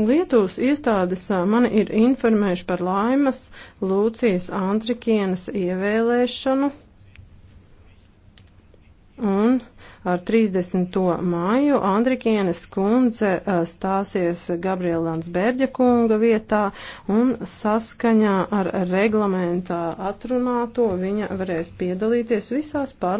Lietuvas iestādes mani ir informējuši par laimas Lūcijas Antrikienas ievēlēšanu un ar 30. māju Andrikienes kundze stāsies Gabrielāns Bērģa kunga vietā un saskaņā ar reglamentā atrunāto viņa varēs piedalīties visās pār